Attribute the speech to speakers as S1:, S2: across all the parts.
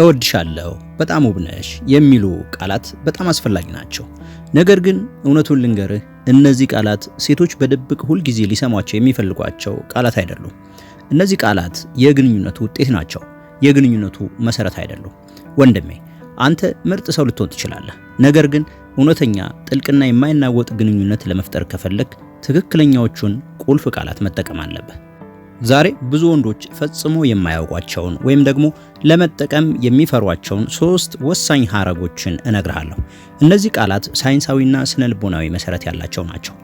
S1: እወድሻለሁ፣ በጣም ውብ ነሽ የሚሉ ቃላት በጣም አስፈላጊ ናቸው። ነገር ግን እውነቱን ልንገርህ፣ እነዚህ ቃላት ሴቶች በድብቅ ሁልጊዜ ሊሰሟቸው የሚፈልጓቸው ቃላት አይደሉም። እነዚህ ቃላት የግንኙነቱ ውጤት ናቸው፣ የግንኙነቱ መሰረት አይደሉም። ወንድሜ አንተ ምርጥ ሰው ልትሆን ትችላለህ። ነገር ግን እውነተኛ ጥልቅና የማይናወጥ ግንኙነት ለመፍጠር ከፈለግ ትክክለኛዎቹን ቁልፍ ቃላት መጠቀም አለብህ። ዛሬ ብዙ ወንዶች ፈጽሞ የማያውቋቸውን ወይም ደግሞ ለመጠቀም የሚፈሯቸውን ሶስት ወሳኝ ሐረጎችን እነግርሃለሁ። እነዚህ ቃላት ሳይንሳዊና ስነልቦናዊ መሰረት ያላቸው ናቸው።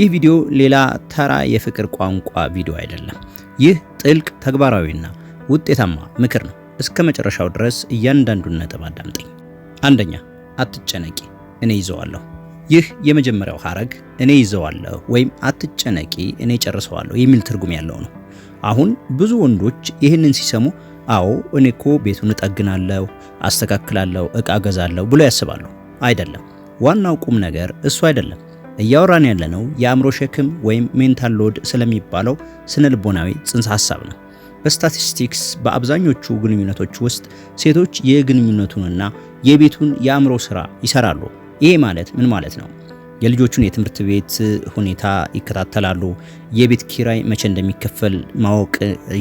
S1: ይህ ቪዲዮ ሌላ ተራ የፍቅር ቋንቋ ቪዲዮ አይደለም። ይህ ጥልቅ ተግባራዊና ውጤታማ ምክር ነው። እስከ መጨረሻው ድረስ እያንዳንዱን ነጥብ አዳምጠኝ። አንደኛ፣ አትጨነቂ፣ እኔ ይዘዋለሁ። ይህ የመጀመሪያው ሐረግ እኔ ይዘዋለሁ ወይም አትጨነቂ፣ እኔ ጨርሰዋለሁ የሚል ትርጉም ያለው ነው። አሁን ብዙ ወንዶች ይህንን ሲሰሙ አዎ እኔ እኮ ቤቱን እጠግናለሁ፣ አስተካክላለሁ፣ እቃ ገዛለሁ ብሎ ያስባሉ። አይደለም፣ ዋናው ቁም ነገር እሱ አይደለም። እያወራን ያለነው የአእምሮ ሸክም ወይም ሜንታል ሎድ ስለሚባለው ስነልቦናዊ ጽንሰ ሐሳብ ነው። በስታቲስቲክስ በአብዛኞቹ ግንኙነቶች ውስጥ ሴቶች የግንኙነቱንና የቤቱን የአእምሮ ስራ ይሰራሉ። ይሄ ማለት ምን ማለት ነው? የልጆቹን የትምህርት ቤት ሁኔታ ይከታተላሉ። የቤት ኪራይ መቼ እንደሚከፈል ማወቅ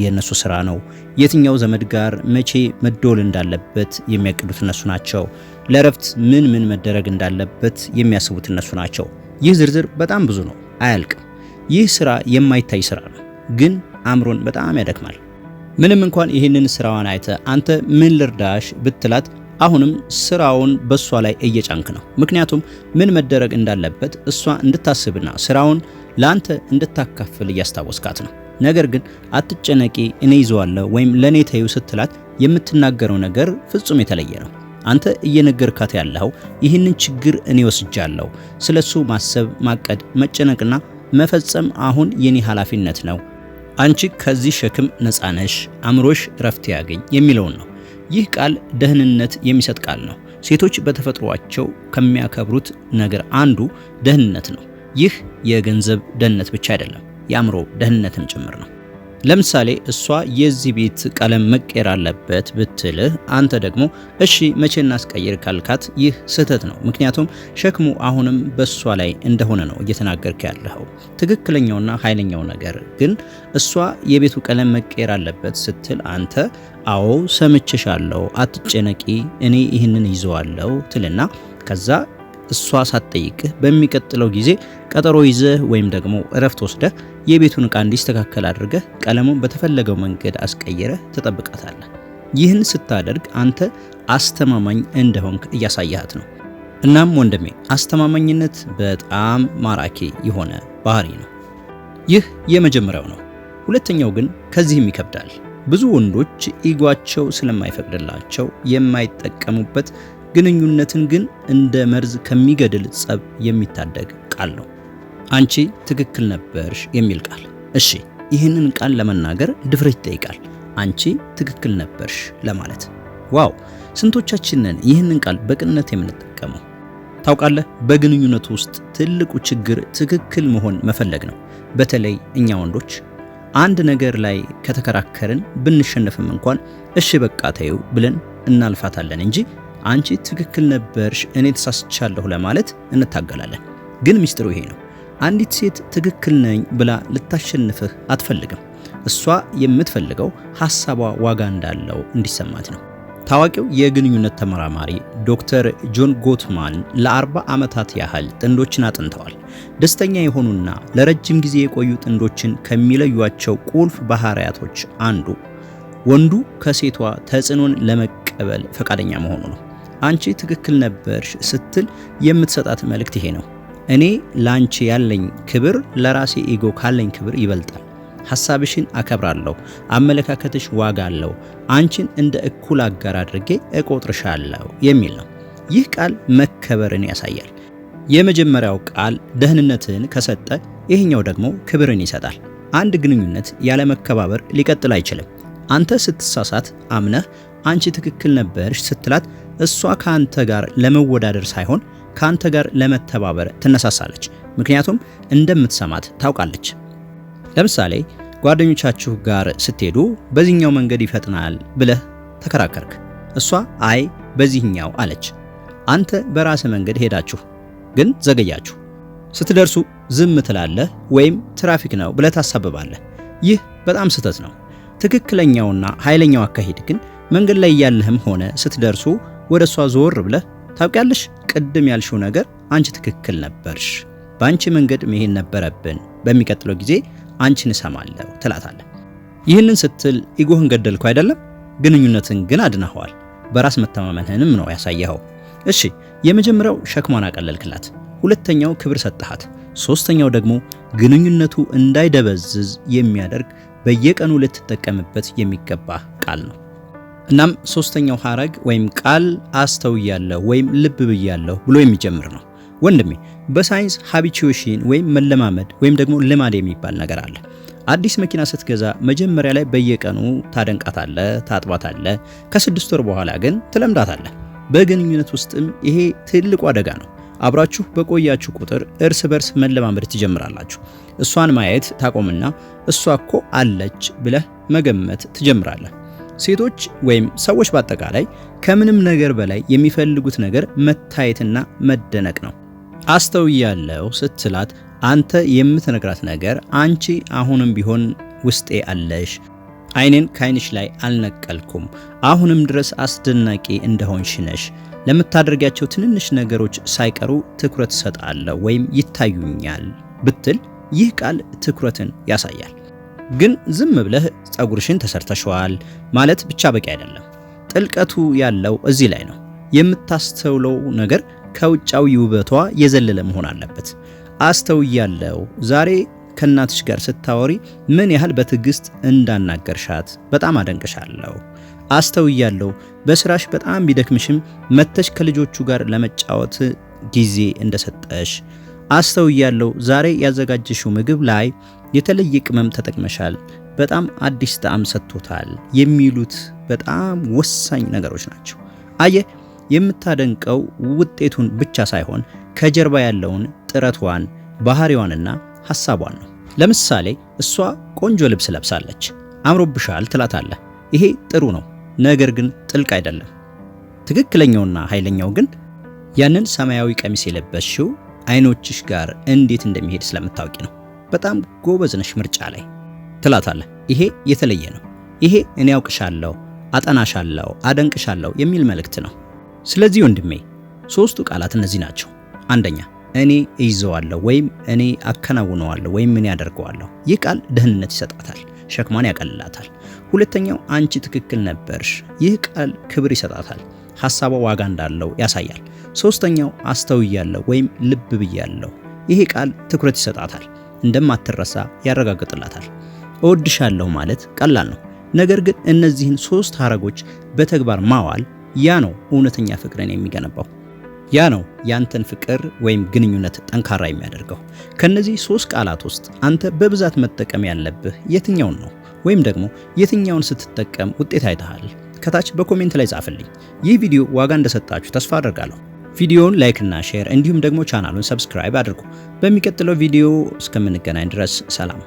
S1: የነሱ ስራ ነው። የትኛው ዘመድ ጋር መቼ መደወል እንዳለበት የሚያቅዱት እነሱ ናቸው። ለእረፍት ምን ምን መደረግ እንዳለበት የሚያስቡት እነሱ ናቸው። ይህ ዝርዝር በጣም ብዙ ነው፣ አያልቅም። ይህ ስራ የማይታይ ስራ ነው፣ ግን አእምሮን በጣም ያደክማል። ምንም እንኳን ይህንን ስራዋን አይተ አንተ ምን ልርዳሽ ብትላት አሁንም ስራውን በእሷ ላይ እየጫንክ ነው። ምክንያቱም ምን መደረግ እንዳለበት እሷ እንድታስብና ስራውን ለአንተ እንድታካፍል እያስታወስካት ነው። ነገር ግን አትጨነቂ፣ እኔ ይዘዋለሁ ወይም ለእኔ ተዩ ስትላት የምትናገረው ነገር ፍጹም የተለየ ነው። አንተ እየነገርካት ያለኸው ይህንን ችግር እኔ ወስጃለሁ፣ ስለሱ ማሰብ፣ ማቀድ፣ መጨነቅና መፈጸም አሁን የኔ ኃላፊነት ነው። አንቺ ከዚህ ሸክም ነፃ ነሽ፣ አእምሮሽ እረፍት ያገኝ የሚለውን ነው። ይህ ቃል ደህንነት የሚሰጥ ቃል ነው። ሴቶች በተፈጥሯቸው ከሚያከብሩት ነገር አንዱ ደህንነት ነው። ይህ የገንዘብ ደህንነት ብቻ አይደለም፣ የአእምሮ ደህንነትም ጭምር ነው። ለምሳሌ እሷ የዚህ ቤት ቀለም መቀየር አለበት ብትልህ አንተ ደግሞ እሺ መቼ እናስቀይር ካልካት ይህ ስህተት ነው። ምክንያቱም ሸክሙ አሁንም በእሷ ላይ እንደሆነ ነው እየተናገርክ ያለኸው። ትክክለኛውና ኃይለኛው ነገር ግን እሷ የቤቱ ቀለም መቀየር አለበት ስትል አንተ አዎ ሰምቼሻለሁ፣ አትጨነቂ፣ እኔ ይህንን ይዘዋለሁ ትልና ከዛ እሷ ሳትጠይቅህ በሚቀጥለው ጊዜ ቀጠሮ ይዘህ ወይም ደግሞ እረፍት ወስደህ የቤቱን ዕቃ እንዲስተካከል አድርገህ ቀለሙን በተፈለገው መንገድ አስቀይረህ ትጠብቃታለህ። ይህን ስታደርግ አንተ አስተማማኝ እንደሆንክ እያሳያት ነው። እናም ወንድሜ አስተማማኝነት በጣም ማራኪ የሆነ ባህሪ ነው። ይህ የመጀመሪያው ነው። ሁለተኛው ግን ከዚህም ይከብዳል። ብዙ ወንዶች ኢጓቸው ስለማይፈቅድላቸው የማይጠቀሙበት ግንኙነትን ግን እንደ መርዝ ከሚገድል ጸብ የሚታደግ ቃል ነው። አንቺ ትክክል ነበርሽ የሚል ቃል። እሺ ይህንን ቃል ለመናገር ድፍረት ይጠይቃል። አንቺ ትክክል ነበርሽ ለማለት ዋው! ስንቶቻችንን ይህንን ቃል በቅንነት የምንጠቀመው? ታውቃለህ፣ በግንኙነት ውስጥ ትልቁ ችግር ትክክል መሆን መፈለግ ነው። በተለይ እኛ ወንዶች አንድ ነገር ላይ ከተከራከርን ብንሸነፍም እንኳን እሺ በቃ ተይው ብለን እናልፋታለን እንጂ አንቺ ትክክል ነበርሽ፣ እኔ ተሳስቻለሁ ለማለት እንታገላለን። ግን ሚስጥሩ ይሄ ነው። አንዲት ሴት ትክክል ነኝ ብላ ልታሸንፍህ አትፈልግም። እሷ የምትፈልገው ሐሳቧ ዋጋ እንዳለው እንዲሰማት ነው። ታዋቂው የግንኙነት ተመራማሪ ዶክተር ጆን ጎትማን ለ40 ዓመታት ያህል ጥንዶችን አጥንተዋል። ደስተኛ የሆኑና ለረጅም ጊዜ የቆዩ ጥንዶችን ከሚለዩቸው ቁልፍ ባህሪያቶች አንዱ ወንዱ ከሴቷ ተጽዕኖን ለመቀበል ፈቃደኛ መሆኑ ነው። አንቺ ትክክል ነበርሽ ስትል የምትሰጣት መልእክት ይሄ ነው። እኔ ላንቺ ያለኝ ክብር ለራሴ ኢጎ ካለኝ ክብር ይበልጣል። ሐሳብሽን አከብራለሁ፣ አመለካከትሽ ዋጋ አለው፣ አንቺን እንደ እኩል አጋር አድርጌ እቆጥርሻለሁ የሚል ነው። ይህ ቃል መከበርን ያሳያል። የመጀመሪያው ቃል ደህንነትን ከሰጠ፣ ይህኛው ደግሞ ክብርን ይሰጣል። አንድ ግንኙነት ያለ መከባበር ሊቀጥል አይችልም። አንተ ስትሳሳት አምነህ አንቺ ትክክል ነበርሽ ስትላት እሷ ከአንተ ጋር ለመወዳደር ሳይሆን ከአንተ ጋር ለመተባበር ትነሳሳለች። ምክንያቱም እንደምትሰማት ታውቃለች። ለምሳሌ ጓደኞቻችሁ ጋር ስትሄዱ በዚህኛው መንገድ ይፈጥናል ብለህ ተከራከርክ። እሷ አይ በዚህኛው አለች። አንተ በራሰ መንገድ ሄዳችሁ ግን ዘገያችሁ። ስትደርሱ ዝም ትላለህ ወይም ትራፊክ ነው ብለህ ታሳብባለህ። ይህ በጣም ስህተት ነው። ትክክለኛውና ኃይለኛው አካሄድ ግን መንገድ ላይ እያለህም ሆነ ስትደርሱ ወደ እሷ ዞር ብለህ ታውቂያለሽ፣ ቅድም ያልሽው ነገር አንቺ ትክክል ነበርሽ፣ በአንቺ መንገድ መሄድ ነበረብን፣ በሚቀጥለው ጊዜ አንቺን እሰማለሁ ትላታለህ። ይህንን ስትል ኢጎህን ገደልኩ አይደለም፣ ግንኙነትን ግን አድናኸዋል። በራስ መተማመንህንም ነው ያሳየኸው። እሺ፣ የመጀመሪያው ሸክሟን አቀለልክላት፣ ሁለተኛው ክብር ሰጠሃት፣ ሶስተኛው ደግሞ ግንኙነቱ እንዳይደበዝዝ የሚያደርግ በየቀኑ ልትጠቀምበት የሚገባ ቃል ነው። እናም ሶስተኛው ሐረግ ወይም ቃል አስተውያለሁ ወይም ልብ ብያለሁ ብሎ የሚጀምር ነው። ወንድሜ በሳይንስ ሀቢቹዌሽን ወይም መለማመድ ወይም ደግሞ ልማድ የሚባል ነገር አለ። አዲስ መኪና ስትገዛ መጀመሪያ ላይ በየቀኑ ታደንቃታለ፣ ታጥባታለ። ከስድስት ወር በኋላ ግን ትለምዳታለ። በግንኙነት ውስጥም ይሄ ትልቁ አደጋ ነው። አብራችሁ በቆያችሁ ቁጥር እርስ በርስ መለማመድ ትጀምራላችሁ። እሷን ማየት ታቆምና እሷ እኮ አለች ብለህ መገመት ትጀምራለህ። ሴቶች ወይም ሰዎች በአጠቃላይ ከምንም ነገር በላይ የሚፈልጉት ነገር መታየትና መደነቅ ነው። አስተውያለሁ ስትላት አንተ የምትነግራት ነገር አንቺ አሁንም ቢሆን ውስጤ አለሽ፣ አይኔን ከአይንሽ ላይ አልነቀልኩም፣ አሁንም ድረስ አስደናቂ እንደሆንሽ ነሽ፣ ለምታደርጊያቸው ትንንሽ ነገሮች ሳይቀሩ ትኩረት እሰጣለሁ ወይም ይታዩኛል ብትል ይህ ቃል ትኩረትን ያሳያል። ግን ዝም ብለህ ጸጉርሽን ተሰርተሸዋል ማለት ብቻ በቂ አይደለም። ጥልቀቱ ያለው እዚህ ላይ ነው። የምታስተውለው ነገር ከውጫዊ ውበቷ የዘለለ መሆን አለበት። አስተውያለው ዛሬ ከእናትሽ ጋር ስታወሪ ምን ያህል በትዕግስት እንዳናገርሻት በጣም አደንቅሻለሁ። አስተውያለሁ በስራሽ በጣም ቢደክምሽም መተሽ ከልጆቹ ጋር ለመጫወት ጊዜ እንደሰጠሽ። አስተውያለሁ ዛሬ ያዘጋጀሽው ምግብ ላይ የተለየ ቅመም ተጠቅመሻል፣ በጣም አዲስ ጣዕም ሰጥቶታል የሚሉት በጣም ወሳኝ ነገሮች ናቸው። አየ የምታደንቀው ውጤቱን ብቻ ሳይሆን ከጀርባ ያለውን ጥረቷን፣ ባህሪዋንና ሐሳቧን ነው። ለምሳሌ እሷ ቆንጆ ልብስ ለብሳለች፣ አምሮብሻል ትላታለህ። ይሄ ጥሩ ነው፣ ነገር ግን ጥልቅ አይደለም። ትክክለኛውና ኃይለኛው ግን ያንን ሰማያዊ ቀሚስ የለበስሽው አይኖችሽ ጋር እንዴት እንደሚሄድ ስለምታውቂ ነው። በጣም ጎበዝ ነሽ ምርጫ ላይ ትላታለህ። ይሄ የተለየ ነው። ይሄ እኔ ያውቅሻለሁ፣ አጠናሻለሁ፣ አደንቅሻለሁ የሚል መልእክት ነው። ስለዚህ ወንድሜ ሶስቱ ቃላት እነዚህ ናቸው። አንደኛ እኔ እይዘዋለሁ ወይም እኔ አከናውነዋለሁ ወይም እኔ አደርገዋለሁ። ይህ ቃል ደህንነት ይሰጣታል፣ ሸክሟን ያቀልላታል። ሁለተኛው አንቺ ትክክል ነበርሽ። ይህ ቃል ክብር ይሰጣታል፣ ሀሳቧ ዋጋ እንዳለው ያሳያል። ሶስተኛው አስተውያለሁ ወይም ልብ ብያለሁ ይሄ ቃል ትኩረት ይሰጣታል፣ እንደማትረሳ ያረጋግጥላታል። እወድሻለሁ ማለት ቀላል ነው። ነገር ግን እነዚህን ሶስት ሐረጎች በተግባር ማዋል ያ ነው እውነተኛ ፍቅርን የሚገነባው። ያ ነው ያንተን ፍቅር ወይም ግንኙነት ጠንካራ የሚያደርገው። ከነዚህ ሶስት ቃላት ውስጥ አንተ በብዛት መጠቀም ያለብህ የትኛውን ነው? ወይም ደግሞ የትኛውን ስትጠቀም ውጤት አይተሃል? ከታች በኮሜንት ላይ ጻፍልኝ። ይህ ቪዲዮ ዋጋ እንደሰጣችሁ ተስፋ አደርጋለሁ። ቪዲዮውን ላይክ እና ሼር እንዲሁም ደግሞ ቻናሉን ሰብስክራይብ አድርጉ። በሚቀጥለው ቪዲዮ እስከምንገናኝ ድረስ ሰላም።